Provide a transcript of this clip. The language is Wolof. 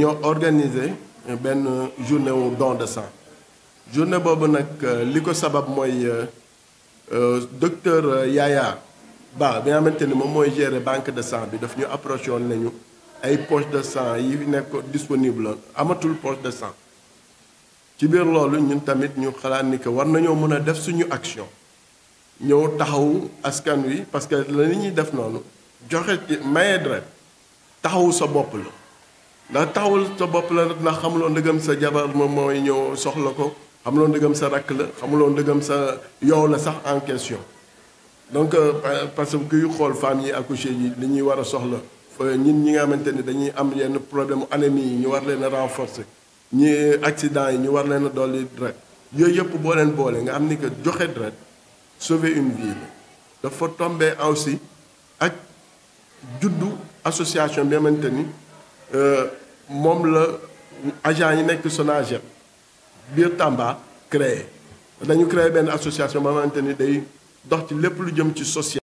ñoo organiser benn journée wu don de sang journée boobu nag euh, li ko sabab mooy euh, euh, docteur Yaya Ba bi nga xamante ni moom mooy gérer banque de sang bi daf ñu approché woon nañu ay poche de sang yi nekk disponible amatul poche de sang ci biir loolu ñun tamit ñu xalaat ni que war nañoo mën a def suñu action ñëw taxawu askan wi parce que la li ñuy def noonu joxe ci maye deret taxawu sa bopp la ndax taxawul sa bopp la ndax xamuloo ndëgam sa jabar moo mooy ñëw soxla ko xamuloo ndëgam sa rakk la xamuloo ndëgam sa yow la sax en question donc euh, parce que kuy xool femmes yi accouché yi li ñuy war a soxla Euh, ñun ñi nga xamante ni dañuy am yenn problème anémie yi ñu war leen a renforcer ñi accident yi ñu war leen a dolli deret yooyu yëpp boo leen boole nga am ni que joxe deret sauver une vie la dafa tombe aussi ak juddu association bi xamante ni euh, moom la agent yi nekk SONAGED biir Tamba créé dañu créé benn association ba xamante ni day dox ci lépp lu jëm ci social